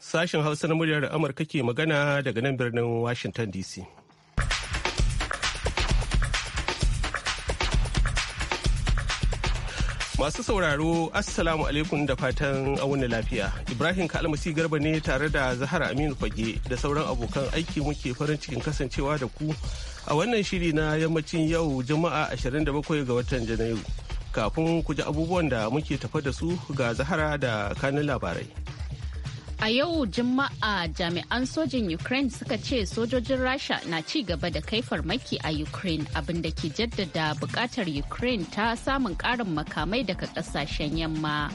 Sashen Hausa na muryar Amurka ke magana daga nan birnin Washington DC. Masu sauraro, Assalamu alaikum da fatan auna lafiya. Ibrahim Kalmasi Garba ne tare da Zahara Aminu Fage da sauran abokan aiki muke farin cikin kasancewa da ku a wannan shiri na yammacin yau juma'a 27 ga watan janairu kafin ku ji abubuwan da muke tafa da su ga zahara da kanin labarai a yau juma'a jami'an sojin ukraine suka ce sojojin rasha na ci gaba da kai farmaki a ukraine abinda ke jaddada bukatar ukraine ta samun karin makamai daga kasashen yamma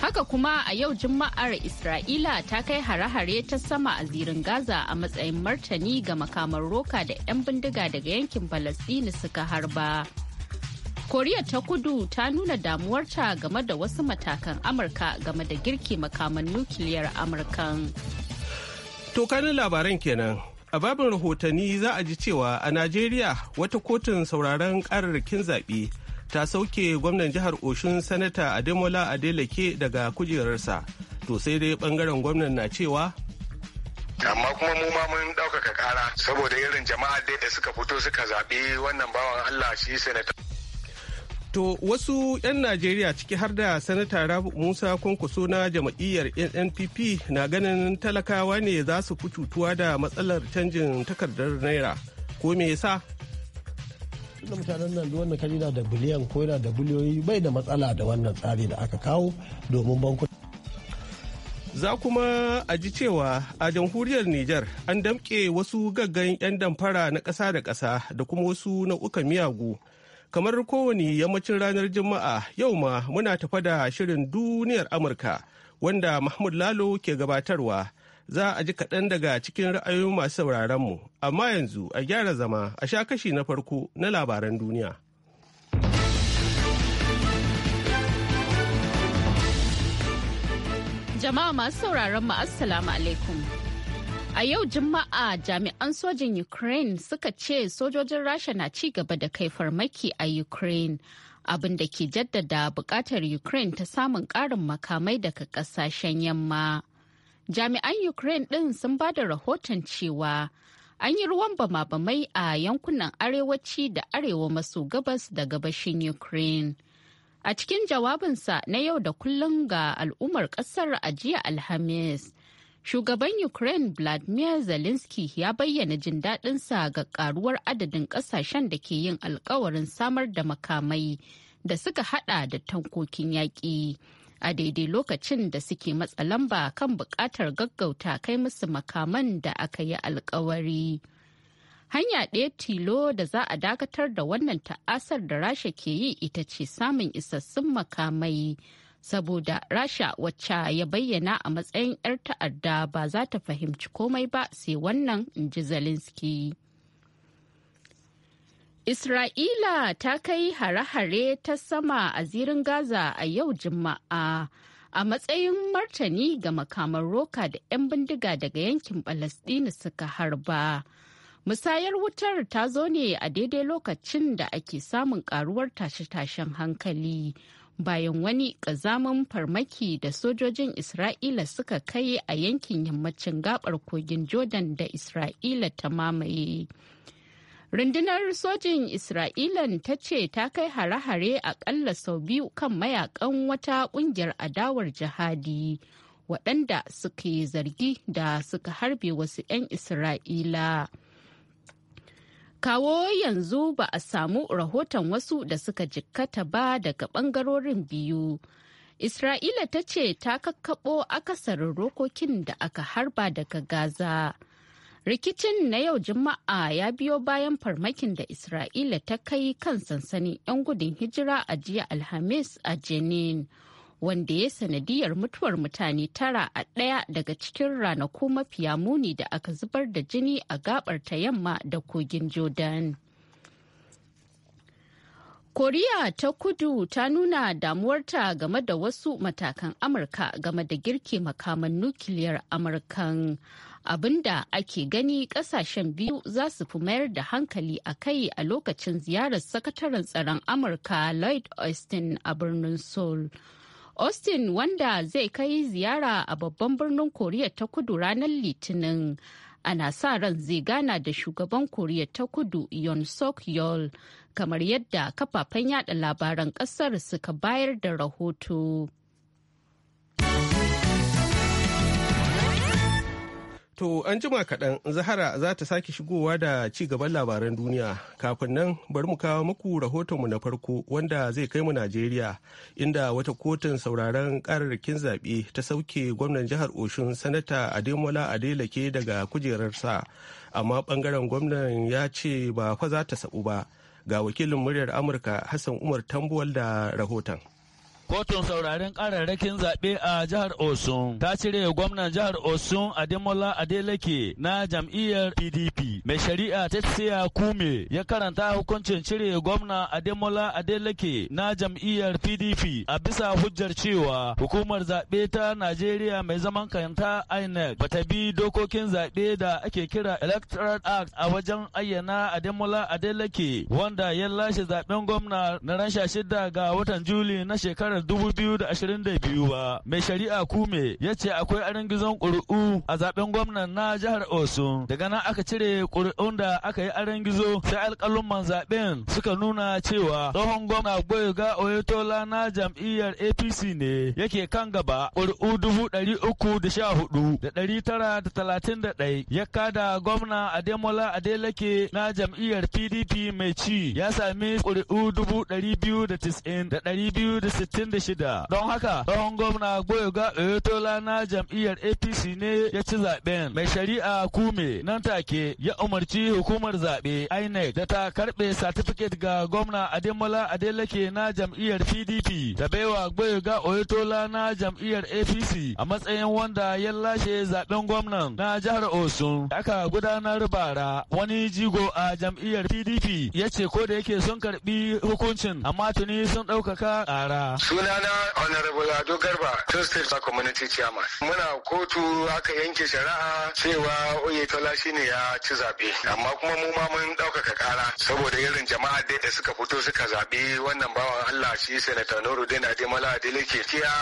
Haka kuma a yau Juma'ar Isra'ila ta kai hare-hare ta sama a zirin Gaza a matsayin martani ga makamar roka da 'yan bindiga daga yankin Falasɗini suka harba. Koriya ta kudu ta nuna damuwarta game da wasu matakan Amurka game da girki makaman nukiliyar Amurkan. Tokanin labaran kenan. A babin rahotanni za a ji cewa a Najeriya wata kotun sauraron kararrakin zaɓe. ta sauke gwamnan jihar Oshun Sanata Ademola Adeleke daga kujerarsa. To sai dai bangaren gwamnan na cewa amma kuma mu ma mun ɗaukaka ƙara saboda irin jama'a dai da suka fito suka zaɓi wannan bawan Allah shi sanata. To wasu 'yan Najeriya ciki har da Sanata Rabu Musa Kwankwaso na jam'iyyar NNPP na ganin talakawa ne za su fi da matsalar canjin takardar Naira. Ko me yasa? tunda mutanen nan duk wanda ka na da biliyan ko yana da biliyoyi bai da matsala da wannan tsari da aka kawo domin bankuna. Za kuma a ji cewa a jamhuriyar Nijar an damƙe wasu gaggan 'yan damfara na ƙasa da ƙasa da kuma wasu nau'ukan miyagu. Kamar kowane yammacin ranar Juma'a yau ma muna tafa da shirin duniyar Amurka wanda Mahmud Lalo ke gabatarwa za a ji kaɗan daga cikin ra'ayoyin masu sauraron mu amma yanzu a gyara zama a sha kashi na farko na labaran duniya. Jama'a masu sauraron mu Assalamu alaikum. A yau Juma'a jami'an sojin Ukraine suka ce sojojin Rasha na ci gaba da kai farmaki a Ukraine. Abin da ke jaddada bukatar Ukraine ta samun ƙarin makamai daga ƙasashen yamma. Jami'an Ukraine ɗin sun ba da rahoton cewa an yi ruwan bama-bamai a yankunan arewaci da arewa maso gabas da gabashin Ukraine. A cikin jawabinsa na yau da kullum ga al'ummar ƙasar a jiya Alhamis, shugaban Ukraine Vladimir Zelensky ya bayyana jin daɗinsa ga ƙaruwar adadin ƙasashen da ke yin alkawarin samar da makamai da suka haɗa da tankokin yaƙi. a daidai lokacin da suke matsa lamba kan buƙatar gaggauta kai musu makaman da aka yi alkawari. Hanya ɗaya tilo da za a dakatar da wannan ta'asar da Rasha ke yi ita ce samun isassun makamai. Saboda Rasha wacce ya bayyana a matsayin 'yar ta'adda ba za ta fahimci komai ba sai wannan in ji Zelensky. Isra'ila ta kai hare-hare ta sama a zirin Gaza a yau Juma'a a matsayin martani ga makamar roka da 'yan bindiga daga yankin Falasɗina suka harba. Musayar wutar ta zo ne a daidai lokacin da ake samun karuwar tashe-tashen hankali bayan wani ƙazamin farmaki da sojojin Isra'ila suka kai a yankin yammacin gabar kogin Jordan da Isra'ila ta mamaye. Rundunar sojin Isra'ilan ta ce ta kai hare-hare akalla sau biyu kan mayakan wata kungiyar adawar jihadi waɗanda suke zargi da suka harbe wasu 'yan Isra'ila. Kawo yanzu ba a samu rahoton wasu da suka jikkata ba daga ɓangarorin biyu. Isra'ila ta ce ta kakkaɓo akasarin rokokin da aka harba daga Gaza. Rikicin na yau Juma'a ya biyo bayan farmakin da Isra'ila ta kai kan sansanin 'yan gudun hijira a jiya Alhamis a Jenin, wanda ya sanadiyar mutuwar mutane tara a ɗaya daga cikin ranaku mafiya muni da aka zubar da jini a gabar ta yamma da kogin Jordan. Koriya ta kudu ta nuna damuwarta game da wasu matakan Amurka game da girke makaman nukiliyar Amurkan. abinda ake gani kasashen biyu za su fi mayar da hankali a kai a lokacin ziyarar sakataren tsaron amurka lloyd austin a birnin seoul austin wanda zai kai ziyara a babban birnin koriya ta kudu ranar litinin ana sa ran zai gana da shugaban koriya ta kudu yon sok yol kamar yadda kafafen yada labaran kasar suka bayar da rahoto To an jima kaɗan Zahara za ta sake shigowa da ci gaban labaran duniya kafin nan bari mu kawo muku rahotonmu na farko wanda zai kai mu Najeriya inda wata kotun sauraron kararrakin zaɓe ta sauke gwamnan jihar Oshun sanata Ademola ke daga kujerarsa amma ɓangaren gwamnan ya ce ba fa za ta saɓu ba ga wakilin muryar Amurka Hassan Umar Tambuwal da rahoton. Kotun sauraren kararrakin zaɓe a jihar Osun ta cire gwamnan jihar Osun Ademola Adeleke na jam'iyyar PDP. Mai shari'a ta siya Kume ya karanta hukuncin cire gwamna Ademola Adeleke na jam'iyyar PDP a bisa hujjar cewa hukumar zaɓe ta Najeriya mai zaman kanta INEC bata bi dokokin zaɓe da ake kira Electoral Act a wajen ayyana Ademola Adeleke wanda ya lashe zaɓen gwamna na ran shida ga watan Juli na shekarar shekarar 2022 ba. Mai shari'a Kume ya ce akwai arin gizon ƙuri'u a zaben gwamnan na jihar Osun. Daga nan aka cire ƙuri'un da aka yi arin gizo sai alƙalumman zaben suka nuna cewa tsohon gwamna Gboyega Oyetola na jam'iyyar APC ne yake kan gaba ƙuri'u dubu ɗari uku da sha hudu da ɗari tara da talatin da ɗai ya kada gwamna Ademola Adeleke na jam'iyyar PDP mai ci ya sami ƙuri'u dubu ɗari biyu da tis'in da ɗari biyu da sittin shida don haka tsohon gwamna goyoga oyetola na jam'iyyar apc ne ya ci zaben mai shari'a kume nan take ya umarci hukumar zaɓe inec da ta karɓe satifiket ga gwamna ademola adeleke na jam'iyyar pdp da baiwa goyoga oyetola na jam'iyyar apc a matsayin wanda ya lashe zaben gwamnan na jihar osun aka gudanar bara wani jigo a jam'iyyar pdp ya ce ko da yake sun karɓi hukuncin amma tuni sun ɗaukaka ƙara. sunana honorable ado garba tun state community chairman muna kotu aka yanke shari'a cewa oyetola shine ya ci zabe amma kuma mu ma mun ɗaukaka kara saboda irin jama'a dai da suka fito suka zabi wannan bawan allah shi senator nuruddin ademola adeleke kiya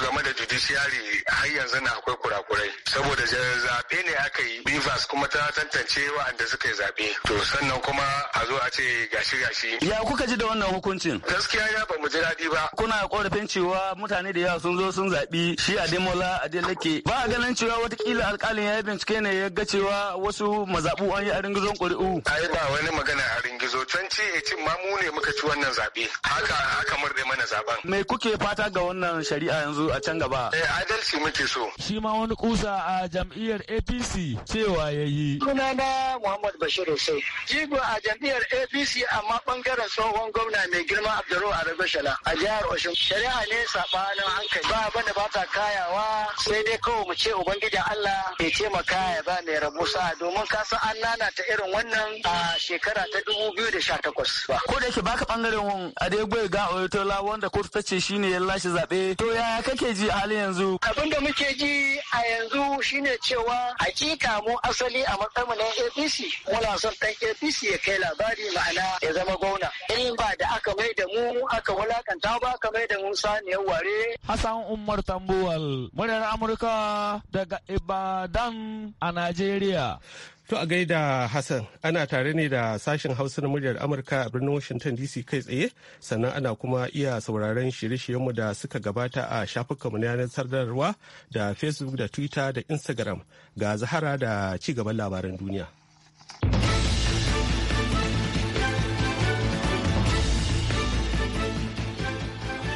game da judiciary har yanzu na akwai kurakurai saboda zabe ne aka yi bivas kuma ta tantance wa'anda suka yi zabe to sannan kuma a zo a ce gashi gashi ya kuka ji da wannan hukuncin gaskiya ya ba mu ji daɗi ba kuna korafin cewa mutane da yawa sun zo sun zaɓi shi a a Adeleke ba a ganin cewa watakila alƙalin ya yi bincike ne ya ga cewa wasu mazaɓu an yi a ringizon ƙuri'u. Ai ba wani magana a ringizo 2018 ma mu ne muka ci wannan zaɓe haka haka murɗe mana zaɓen. Me kuke fata ga wannan shari'a yanzu a can gaba? Eh adalci muke so. Shi ma wani kusa a jam'iyyar APC cewa ya yi. Sunana Muhammad Bashir Hussein. Jigo a jam'iyyar APC amma bangaren tsohon gwamna mai girma Abdurrahman Arabashala a jihar Osun. shari'a ne sabanin hankali ba abin da ba ta kayawa sai dai kawai mu ce ubangiji Allah ya ce maka ya ba mai rabu sa domin ka san an nanata irin wannan a shekara ta 2018 ba ko da yake baka bangaren Adegboye ga Oyetola wanda kotu ta ce shine ya lashe zabe to yaya kake ji a halin yanzu abin da muke ji a yanzu shine cewa hakika mu asali a matsayin na APC muna son dan APC ya kai labari ma'ana ya zama gwamna in ba da aka mai da mu aka wulakanta ba aka mai da mu Musa ne ware. Hassan Umar Tambuwal, muryar Amurka daga Ibadan a Najeriya. To a gaida Hassan ana tare ne da sashen Hausa na muryar Amurka a birnin Washington DC kai tsaye sannan ana kuma iya sauraron shirye-shiryenmu da suka gabata a shafukanmu na yanar sadarwa da Facebook da Twitter da Instagram ga Zahara da ci gaban labaran duniya.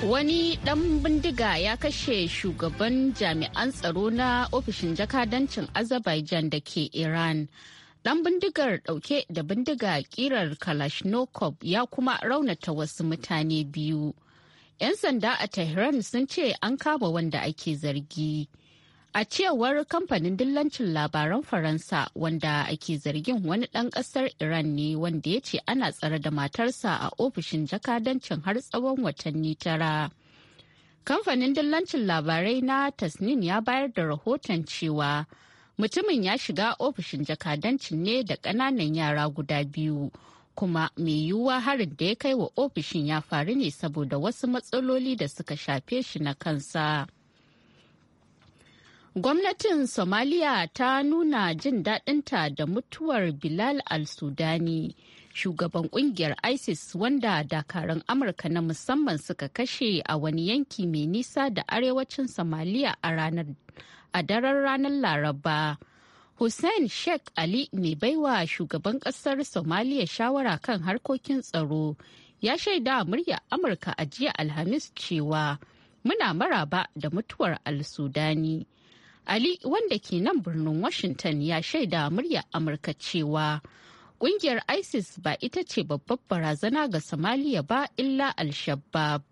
Wani ɗan bindiga ya kashe shugaban jami'an tsaro na ofishin jakadancin Azerbaijan da ke Iran. Ɗan bindigar ɗauke da bindiga ƙirar Kalashnikov ya kuma raunata wasu mutane biyu. 'Yan sanda a Tehran sun ce an kama wanda ake zargi. A cewar kamfanin dillancin labaran Faransa wanda ake zargin wani ɗan ƙasar Iran ne wanda ya ce ana tsare da matarsa a ofishin jakadancin har tsawon watanni tara. Kamfanin dillancin labarai na Tasnin ya bayar da rahoton cewa mutumin ya shiga ofishin jakadancin ne da ƙananan yara guda biyu. kuma mai yiwuwa harin da ya kai wa ofishin ya faru ne saboda wasu matsaloli da suka shafe shi na kansa. Gwamnatin Somaliya ta nuna jin daɗinta da mutuwar Bilal al-Sudani, shugaban ƙungiyar ISIS wanda dakarun Amurka na musamman suka kashe a wani yanki mai nisa da arewacin Somaliya a ranar a daren ranar Laraba. Hussein Sheikh Ali mai baiwa shugaban ƙasar Somaliya shawara kan harkokin tsaro ya shaida murya Amurka a jiya Alhamis cewa muna maraba da mutuwar al-Sudani. Ali wanda ke nan birnin Washington ya shaida murya Amurka cewa kungiyar ISIS ba ita ce babbar barazana ga Somalia ba illa Al-Shabaab.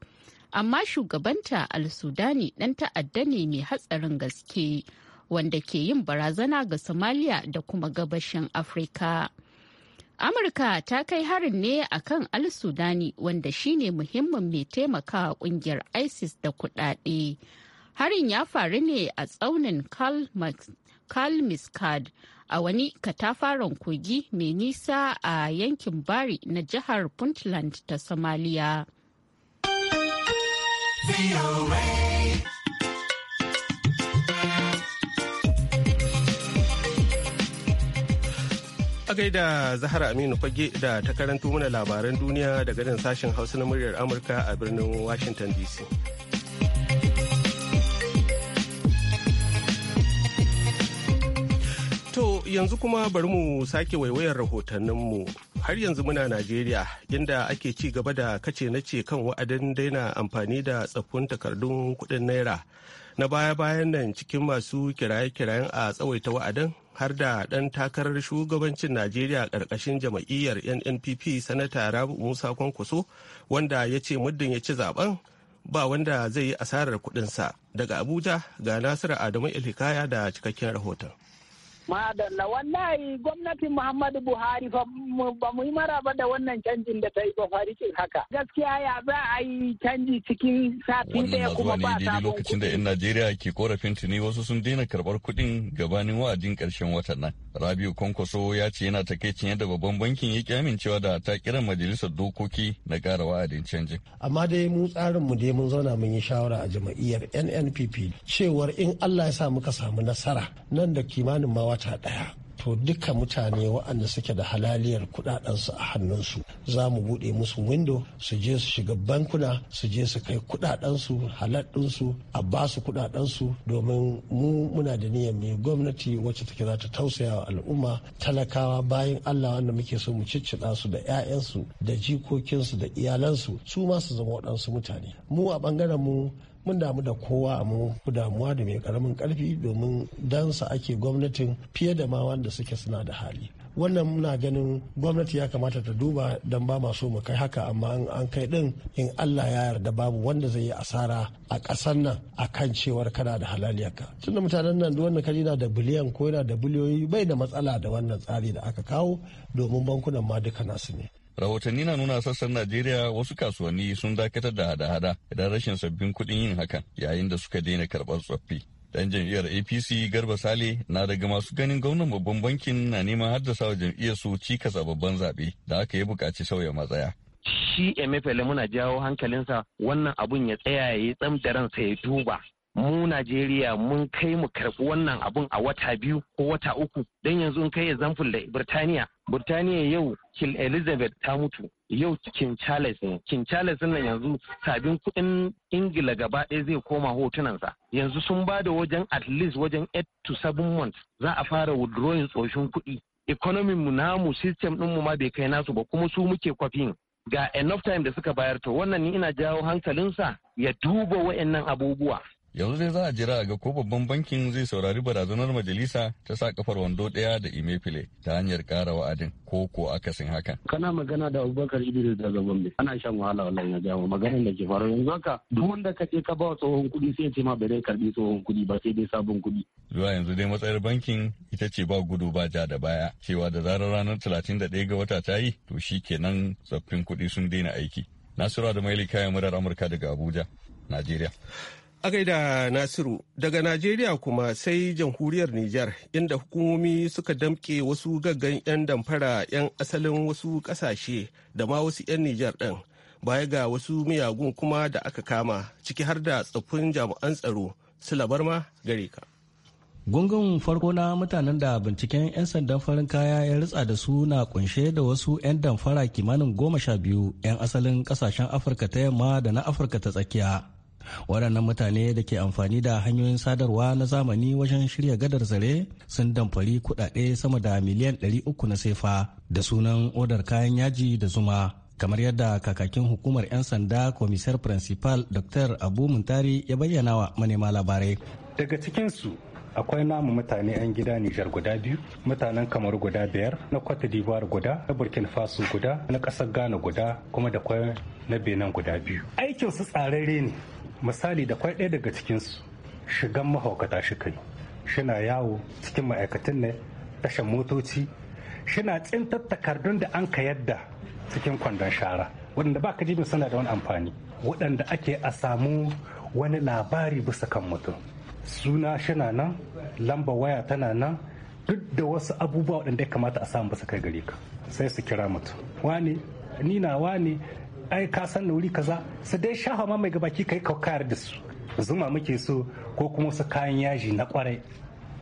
Amma shugabanta Al-Sudani ɗan ta'adda ne mai hatsarin gaske wanda ke yin barazana ga Somalia da kuma gabashin Afrika Amurka ta kai harin ne a kan Al-Sudani wanda shine muhimmin mai taimaka kungiyar ISIS da kuɗaɗe. Harin ya faru ne a tsaunin Kalmiskad a wani katafaren kogi mai nisa a yankin Bari na jihar Puntland ta Somalia. A gaida Zahara Aminu fage da ta karanto mana labaran duniya daga nan sashen Hausa na muryar Amurka a birnin Washington DC. yanzu kuma bari mu sake waiwayar rahotanninmu har yanzu muna najeriya inda ake ci gaba da kace na ce kan wa'adin daina amfani da tsaffin takardun kudin naira na baya-bayan nan cikin masu kiraye-kirayen a tsawaita wa'adin har da ɗan takarar shugabancin najeriya ƙarƙashin jama'iyyar nnpp sanata rabu musa kwankwaso wanda ya ce muddin ya ci zaben ba wanda zai yi asarar kuɗinsa daga abuja ga nasiru adamu ilhikaya da cikakken rahoton Madalla wallahi gwamnatin Muhammadu Buhari fa ba mu yi maraba da wannan canjin da ta yi ba farikin haka. Gaskiya ya za a yi canji cikin sati ɗaya kuma ba sabon lokacin da 'yan Najeriya ke korafin tuni wasu sun daina karbar kuɗin gabanin wa'adin karshen watan nan. Rabiu Kwankwaso ya ce yana takaicin yadda babban bankin ya amincewa da ta kiran majalisar dokoki na ƙara wa'adin canjin. Amma dai mu tsarin mu dai mun zauna mun yi shawara a jama'iyyar NNPP cewar in Allah ya sa muka samu nasara nan da kimanin mawa wata ɗaya to duka mutane waɗanda suke da halaliyar su a hannunsu za mu buɗe musu windo su je su shiga bankuna su je su kai kudadensu halaɗinsu a ba su domin mu muna da niyyar mai gwamnati wacce take za ta tausaya wa al'umma talakawa bayan allah wanda muke so mu ciccida su da 'ya'yansu da jikokinsu da iyalansu su ma su zama waɗansu mutane mu a ɓangaren mu mun damu da kowa a mu damuwa da mai karamin karfi domin dansa ake gwamnatin fiye da ma wanda suke suna da hali wannan muna ganin gwamnati ya kamata ta duba don ba masu mu kai haka amma an kai din in allah ya yarda babu wanda zai yi asara a ƙasar nan a kan cewar kana da halaliyarka tunda mutanen nan wannan kaji na da biliyan ko yana da biliyoyi bai da matsala da wannan tsari da aka kawo domin bankunan ma duka nasu ne rahotanni na nuna sassan najeriya wasu kasuwanni sun dakatar da hada-hada idan rashin sabbin kuɗin yin hakan yayin da suka daina karɓar tsoffi dan jam'iyyar apc garba sale na daga masu ganin gwamnan babban bankin na neman haddasa wa jam'iyyar su cikas a babban zaɓe da aka yi buƙaci sauya matsaya shi emefele muna jawo hankalinsa wannan abun ya tsaya ya yi tsam da ransa ya duba mu Najeriya mun kai mu karɓi wannan abun a wata biyu ko wata uku don yanzu in kai example da Birtaniya Birtaniya yau King Elizabeth ta mutu yau King Charles ne King Charles nan yanzu sabin kuɗin Ingila gaba ɗaya zai koma hotunansa yanzu sun ba da wajen at least wajen 8 to 7 months za a fara withdrawing tsoshin kuɗi economy mu namu system ɗin mu ma bai kai nasu ba kuma su muke kwafin ga enough time da suka bayar to wannan ni ina jawo hankalinsa ya duba wayannan abubuwa yanzu dai za a jira ga ko babban bankin zai saurari barazanar majalisa ta sa kafar wando daya da imefile ta hanyar kara wa'adin ko ko akasin hakan. kana magana da abubakar idris daga gombe ana shan wahala wallahi na jawo maganar da ke faru yanzu haka duk wanda ka ce ka ba tsohon kuɗi sai ce ma bai dai karɓi tsohon kuɗi ba sai dai sabon kuɗi. zuwa yanzu dai matsayar bankin ita ce ba gudu ba ja da baya cewa da zarar ranar talatin da ɗaya ga wata ta yi to shi kenan tsoffin kuɗi sun daina aiki. Nasiru da Maili kayan murar Amurka daga Abuja, Najeriya. A gaida Nasiru, daga Najeriya kuma sai jamhuriyar Nijar inda hukumomi suka damke wasu gaggan 'yan damfara 'yan asalin wasu ƙasashe da ma wasu 'yan Nijar ɗin baya ga wasu miyagun kuma da aka kama ciki har da tsoffin jami'an tsaro su ma gare ka. Gungun farko na mutanen da binciken 'yan sandan farin kaya ya ritsa da su na kunshe da wasu 'yan damfara kimanin goma sha biyu 'yan asalin kasashen Afirka ta yamma da na Afirka ta tsakiya waɗannan mutane da ke amfani da hanyoyin sadarwa na zamani wajen shirya gadar zare sun damfari kuɗaɗe sama da miliyan 300 na sefa da sunan odar kayan yaji da zuma kamar yadda kakakin hukumar 'yan sanda komisar principal dr abu muntari ya bayyana wa manema labarai daga cikinsu akwai namu mutane 'yan gida nijar guda biyu mutanen kamar guda biyar na cote d'ivoire guda na burkina faso guda na ƙasar ghana guda kuma da kwai na benin guda biyu aikinsu tsararre ne misali da kwai ɗaya daga cikinsu shigan mahaukata shi kai shina yawo cikin ma'aikatan ne tashan motoci shina tsintar takardun da an ka yadda cikin kwandon shara waɗanda ba ka ji suna da wani amfani waɗanda ake a samu wani labari bisa kan mutum suna shina nan lamba waya tana nan duk da wasu abubuwa waɗanda ya kamata a samu bisa kai gare ka sai su kira mutum wani ni na wani ai ka san da wuri kaza su dai shafa ma mai gabaki kai ka kayar da su zuma muke so ko kuma su kayan yaji na kwarai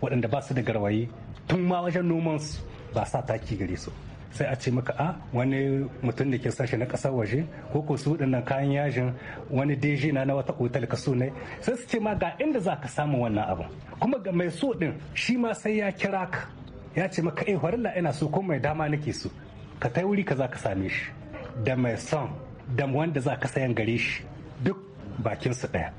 waɗanda ba su da garwaye tun ma wajen noman su ba sa taki gare su sai a ce maka a ah, wani mutum da ke sashe na kasar waje ko ko su waɗannan kayan yajin wani deji na na wata otal ka so ne sai su ce ma ga inda za ka samu wannan abun kuma ga mai so din shi ma sai ya kira ka ya ce maka eh warilla ina so ko mai dama nake so ka tai wuri ka za ka same shi da mai son da wanda za ka sayan gare shi duk bakinsu ɗaya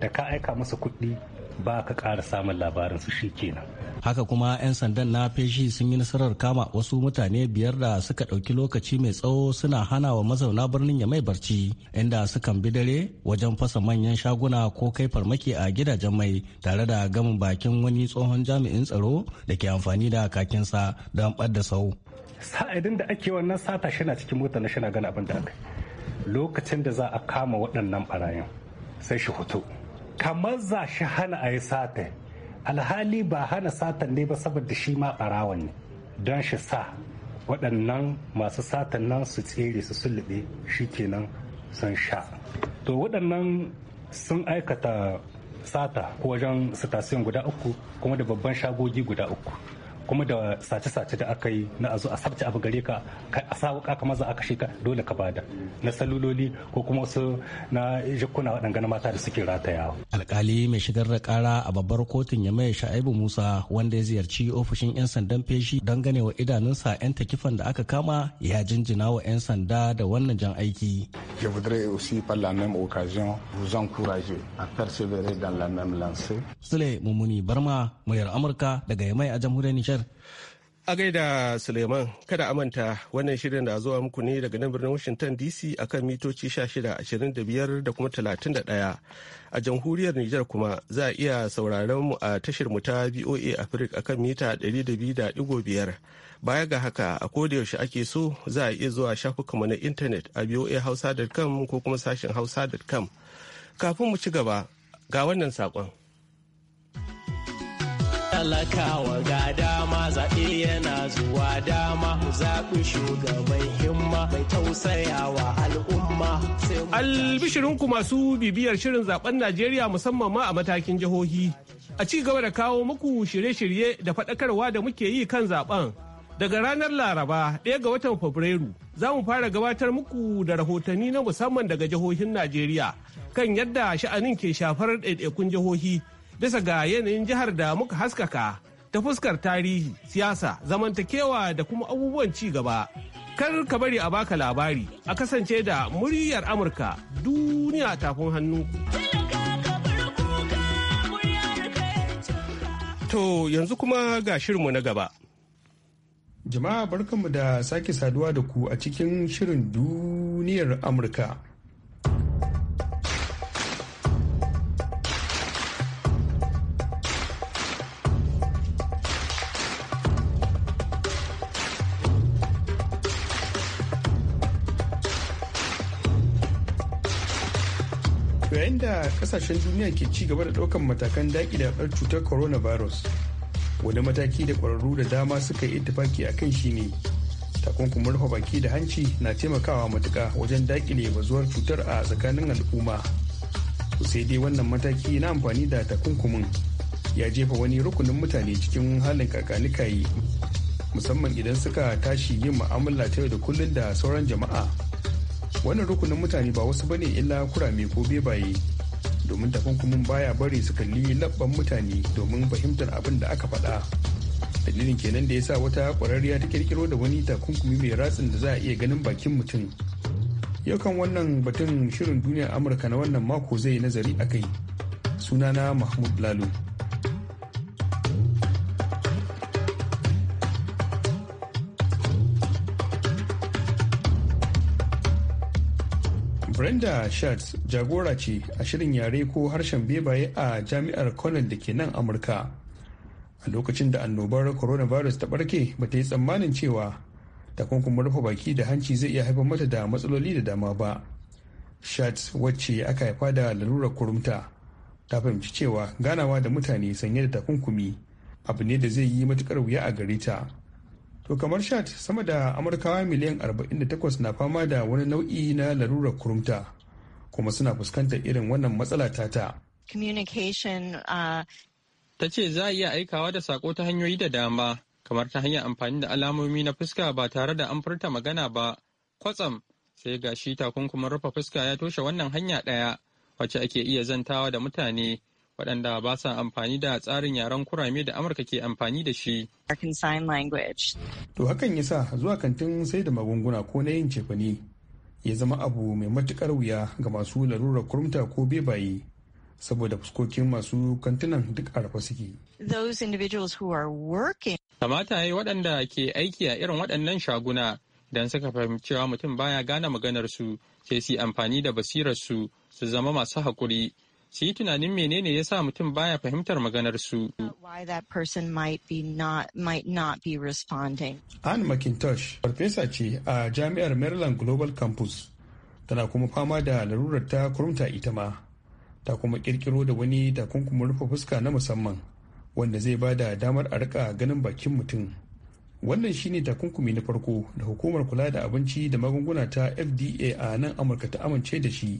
da ka aika masa kuɗi ba ka ƙara samun labarin su shi kenan. haka kuma 'yan sandan na feshi sun yi nasarar kama wasu mutane biyar da suka ɗauki lokaci mai tsawo suna hana wa mazauna birnin ya mai barci inda sukan bi dare wajen fasa manyan shaguna ko kai farmaki a gidajen mai tare da gamin bakin wani tsohon jami'in tsaro da ke amfani da kakinsa don ɓadda sau sa'adin da ake wannan sata shi na cikin mota na shi na gana abin da aka yi lokacin da za a kama waɗannan barayin sai shi hoto kamar za shi hana a yi sata alhali ba hana satan ne ba saboda shi ma ɓarawon ne don shi sa waɗannan masu satan nan su tsere su sulluɓe shi kenan sun sha to waɗannan sun aikata sata ko wajen sitasiyon guda uku kuma da babban shagogi guda uku kuma da sace-sace da aka yi na azo a sarce abu gare ka a sawuka ka maza a kashe ka dole ka bada na saluloli ko kuma wasu na jikuna waɗanda na mata da suke ratayawa. alkali mai shigar da kara a babbar kotun ya mai sha'ibu musa wanda ya ziyarci ofishin 'yan sandan feshi don wa idanunsa 'yan takifan da aka kama ya jinjina wa 'yan sanda da wannan jan aiki. je voudrais aussi par la même occasion vous encourager à persévérer dans la même lancée. sule mumuni barma muryar amurka daga yamai a jamhuriyar nishar A gaida Suleiman, kada a manta wannan shirin da zuwa muku ne daga nan birnin Washington DC akan mitoci 1625 da kuma 31. A jamhuriyar Nijar kuma za a iya sauraron mu a tashar mu ta BOA Africa akan mita 200.5. Baya ga haka a yaushe ake so za a iya zuwa shafukanmu na intanet a boahausa.com ko kuma sashen hausa.com. Kafin mu ci gaba ga wannan saƙon. talakawa ga dama zaɓe yana zuwa dama zaɓi shugaban himma mai tausayawa al'umma. Albishirinku masu bibiyar shirin zaben Najeriya musamman ma a matakin jihohi. A ci gaba da kawo muku shirye-shirye da faɗakarwa da muke yi kan zaben. Daga ranar Laraba ɗaya ga watan Fabrairu za mu fara gabatar muku da rahotanni na musamman daga jihohin Najeriya kan yadda sha'anin ke shafar ɗaiɗaikun jihohi bisa ga yanayin jihar da muka haskaka ta fuskar tarihi siyasa zamantakewa da kuma abubuwan ci gaba kar ka bari a baka labari a kasance da muryar amurka duniya tafin hannu to yanzu kuma ga shirinmu na gaba jama'a barkanmu da sake saduwa da ku a cikin shirin duniyar amurka yayin da kasashen duniya ke ci gaba da ɗaukar matakan daƙi da yaɗar cutar coronavirus wani mataki da ƙwararru da dama suka yi ittifaki a kan shi ne takunkumin rufe baki da hanci na taimakawa matuka wajen daƙile bazuwar cutar a tsakanin al'umma sai dai wannan mataki na amfani da takunkumin ya jefa wani rukunin mutane cikin halin kakanikayi musamman idan suka tashi yin mu'amala ta yau da kullum da sauran jama'a wannan rukunin mutane ba wasu bane illa kurame ko bebaye domin takunkumin baya bari su kalli labban mutane domin fahimtar abin da aka faɗa dalilin kenan da ya sa wata ƙwararriya ta kirkiro da wani takunkumi mai ratsin da za a iya ganin bakin mutum yaukan wannan batun shirin duniyar amurka na wannan mako zai nazari a kai sunana mahmud lalu Brenda Schatz jagora ce a shirin yare ko harshen bebaye a jami'ar Cornell da ke nan Amurka. A lokacin da annobar coronavirus ta barke ba ta yi tsammanin cewa takunkumin rufe baki da hanci zai iya haifar mata da matsaloli da dama ba. Schatz wacce aka haifa da lalurar kurumta ta fahimci cewa ganawa da mutane sanye da takunkumi abu ne da zai yi matukar wuya a gare ta. To kamar shat sama da Amurkawa miliyan 48 na fama da wani nau'i na larurar kurumta kuma suna fuskantar irin wannan matsala tata. Communication uh, ta ce za a iya aikawa da sako ta hanyoyi da dama kamar ta hanyar amfani da alamomi na fuska ba tare da an furta magana ba kwatsam sai ga shi takunkumin rufe fuska ya toshe wannan hanya ɗaya wacce ake iya zantawa da mutane waɗanda ba sa amfani da tsarin yaren kurame da amurka ke amfani da shi to hakan ya sa zuwa kantin sai da magunguna ko na yin cefane ya zama abu mai matukar wuya ga masu larurar kurumta ko bebaye saboda fuskokin masu kantunan duk a rafa suke. Kamata ya yi waɗanda ke aiki a irin waɗannan shaguna don suka fahimci cewa mutum baya gane maganar su sai su amfani da basirarsu su su zama masu haƙuri su yi tunanin menene ya sa mutum baya fahimtar maganar su. Anne McIntosh, farfesa ce a Jami'ar Maryland Global Campus, tana kuma fama da larurar ta kurumta ita ma, ta kuma kirkiro da wani takunkumin rufe fuska na musamman, wanda zai ba da damar a rika ganin bakin mutum. Wannan shi ne takunkumi na farko da hukumar kula da abinci da magunguna ta FDA a nan Amurka ta amince da shi.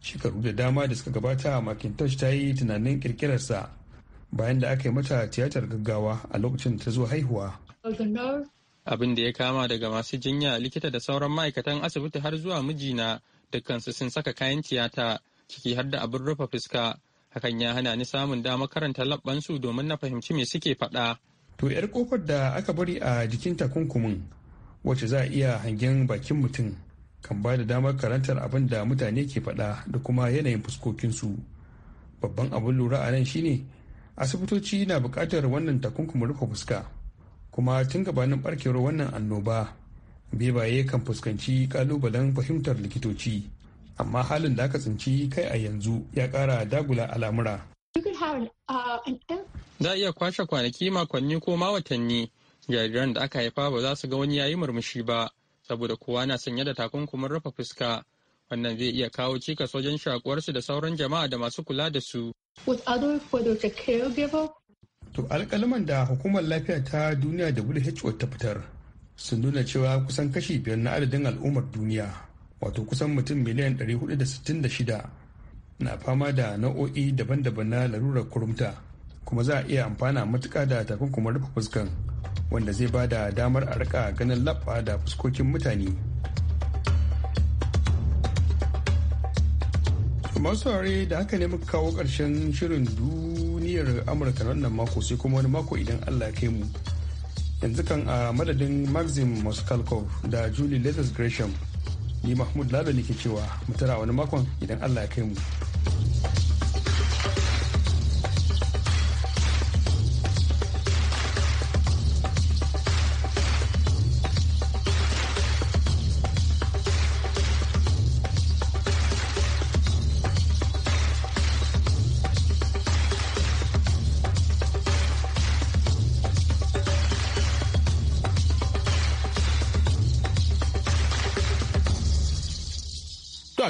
shekaru da dama da suka gabata macintosh ta yi tunanin kirkirarsa bayan da aka yi mata tiyatar gaggawa a lokacin ta zo haihuwa abin da ya kama daga masu jinya likita da sauran ma'aikatan asibiti har zuwa mijina dukkansu sun saka kayan tiyata ciki har da abin rufe fuska hakan ya hana ni samun dama karanta labbansu domin na fahimci me suke faɗa. to yar kofar da aka bari a jikin takunkumin wacce za a iya hangen bakin mutum kan ba da damar karantar abin da mutane ke faɗa da kuma yanayin fuskokinsu babban abin lura a nan shine asibitoci na buƙatar wannan takunkumin rufe fuska kuma tun gabanin barkewar wannan annoba bebaye kan fuskanci kalubalen fahimtar likitoci amma halin da aka tsinci kai a yanzu ya ƙara dagula al'amura uh, za iya kwashe kwanaki makonni ko ma watanni jariran da aka haifa ba za su ga wani yayi murmushi ba saboda kowa na sanye da takunkumin rufe fuska wannan zai iya kawo cikas wajen shakuwarsu da sauran jama'a da masu kula da su. To alkalaman da hukumar lafiya ta duniya da WHO ta fitar sun nuna cewa kusan kashi biyar na adadin al'ummar duniya wato kusan mutum miliyan 466 na fama da nau'o'i daban-daban na larurar kurumta kuma za a iya amfana matuka da takunkumin rufe fuskan. wanda zai ba da damar a rika ganin labba da fuskokin mutane masu saurare da haka ne muka kawo ƙarshen shirin duniyar amurka wannan mako sai kuma wani mako idan allah kai mu yanzu kan a madadin maxim moskalkov da julie leathers gresham ni mahmud lalo ne ke cewa mutara wani makon idan allah kai mu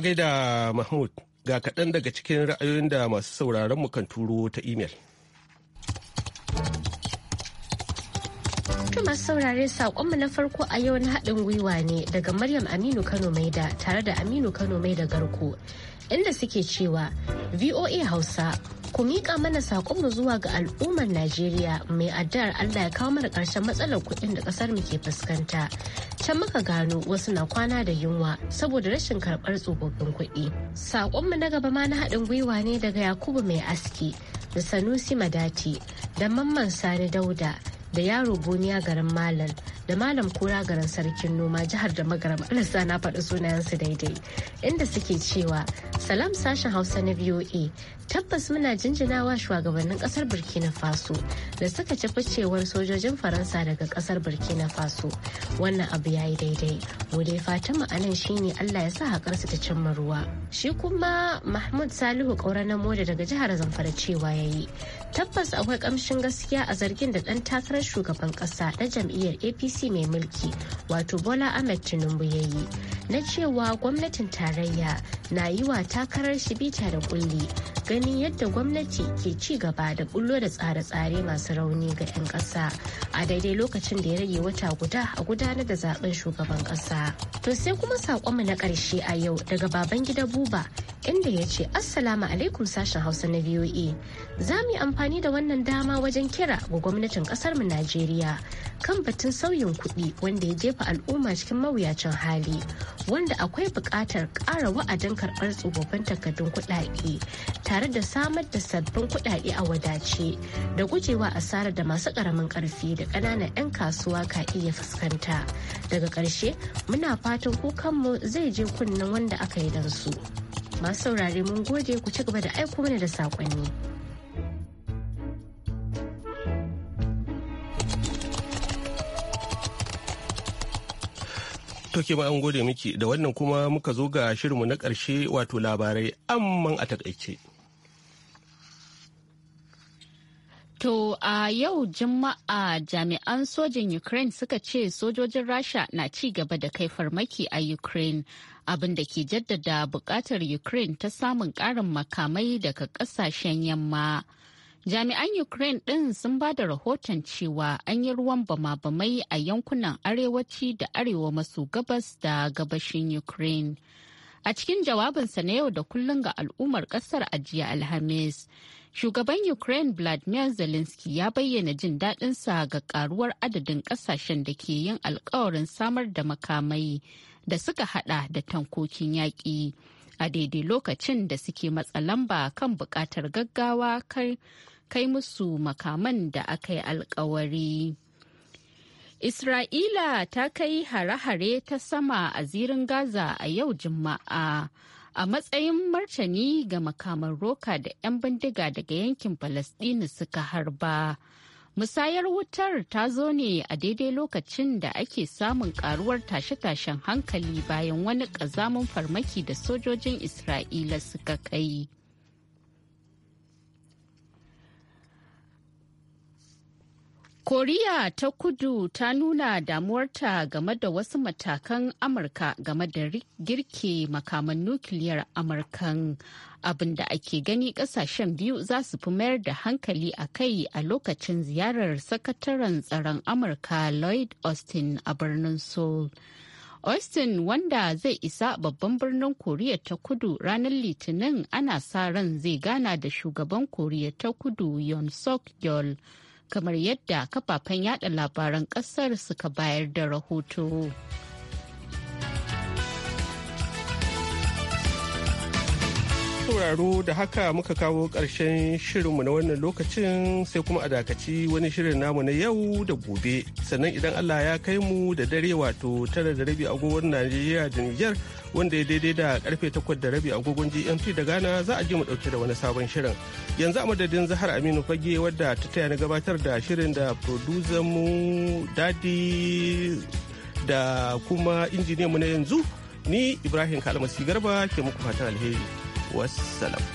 gai gaida Mahmud ga kaɗan daga cikin ra'ayoyin da masu sauraron mu kan turo ta imel. Kuma masu saurare saƙonmu na farko a yau na haɗin gwiwa ne daga Maryam Aminu Kano Maida tare da Aminu Kano Maida Garko inda suke cewa VOA Hausa ku miƙa mana saƙonmu zuwa ga al'ummar Najeriya mai addu'ar Allah ya kawo mana ƙarshen matsalar kuɗin da ƙasar mu ke fuskanta. Can muka gano wasu na kwana da yunwa saboda rashin karɓar tsofaffin kuɗi. Saƙonmu na gaba ma na haɗin gwiwa ne daga Yakubu mai aski da Sanusi Madati da Mamman Sani Dauda da yaro Boniya garin Malam da malam kura garin sarkin noma jihar da magaram alasa na faɗi sunayensu daidai inda suke cewa salam sashen hausa na voa tabbas muna jinjinawa shugabannin kasar burkina faso da suka ci ficewar sojojin faransa daga kasar burkina faso wannan abu ya yi daidai mu dai fatan ma'anan shine allah ya sa haƙar su ta cimma ruwa shi kuma mahmud salihu ƙaura na moda daga jihar zamfara cewa ya yi tabbas akwai ƙamshin gaskiya a zargin da ɗan takarar shugaban ƙasa na jam'iyyar apc apc mai mulki wato bola ahmed tinubu ya yi na cewa gwamnatin tarayya na yi wa takarar shi bita da kulli ganin yadda gwamnati ke ci gaba da bullo da tsare-tsare masu rauni ga 'yan ƙasa a daidai lokacin da ya rage wata guda a gudanar da zaben shugaban ƙasa. To sai kuma saƙonmu na ƙarshe a yau daga baban gida buba inda ya ce assalamu alaikum sashen hausa na voa e. za mu yi amfani da wannan dama wajen kira ga gwamnatin ƙasarmu najeriya kan batun sauyin kuɗi wanda ya jefa al'umma cikin mawuyacin hali wanda akwai buƙatar ƙara wa'adin karɓar tsofaffin takardun kuɗaɗe tare da samar da sabbin kuɗaɗe a wadace da gujewa asarar da masu ƙaramin ƙarfi da ƙananan 'yan kasuwa ka iya fuskanta daga ƙarshe muna fatan kukanmu zai je kunnen wanda aka yi don su. Masu saurare mun gode ku ci gaba da aiko mana da saƙonni. Toke ke an gode miki da wannan kuma muka zo ga shirinmu na ƙarshe wato labarai amman a takaice. To a yau Juma'a jami'an sojin Ukraine suka ce sojojin Rasha na ci gaba da kai farmaki a Ukraine abin da ke jaddada buƙatar Ukraine ta samun ƙarin makamai daga ƙasashen yamma. Jami'an Ukraine ɗin sun ba da rahoton cewa an yi ruwan bama-bamai a yankunan arewaci da arewa maso gabas da gabashin Ukraine. a cikin jawabinsa na yau da kullun ga al'ummar kasar a alhamis shugaban ukraine vladimir zelensky ya bayyana jin daɗinsa ga karuwar adadin ƙasashen da ke yin alkawarin samar da makamai da suka hada da tankokin yaƙi a daidai lokacin da suke matsa lamba kan buƙatar gaggawa kai musu makaman da aka yi alkawari. Isra'ila ta kai hare-hare ta sama a zirin Gaza a yau Juma'a a matsayin martani ga makaman roka da 'yan bindiga daga yankin Falasɗini suka harba. Musayar wutar ta zo ne a daidai lokacin da ake samun karuwar tashe-tashen hankali bayan wani ƙazamin farmaki da sojojin Isra'ila suka kai. Koriya ta kudu ta nuna damuwarta game da wasu matakan Amurka game da girke makaman nukiliyar Amurkan abin da ake gani kasashen biyu za su fi mayar da hankali a kai a lokacin ziyarar sakataren tsaron Amurka Lloyd Austin a birnin Seoul. Austin wanda zai isa babban birnin Koriya ta kudu ranar Litinin ana sa ran zai gana da shugaban Koriya ta kudu Yon Suk Yeol. kamar yadda kafafen yada labaran kasar suka bayar da rahoto. sauraro da haka muka kawo ƙarshen shirinmu na wannan lokacin sai kuma a dakaci wani shirin namu na yau da gobe. Sannan idan Allah ya kai mu da dare wato tara da rabi agogon Najeriya da Nijar wanda ya daidai da karfe takwas da rabi agogon GMT da Ghana za a ji mu dauke da wani sabon shirin. Yanzu a madadin Zahar Aminu Fage wadda ta taya na gabatar da shirin da producer mu Dadi da kuma injiniyan mu na yanzu ni Ibrahim Kalmasi Garba ke muku fatan alheri. wassalam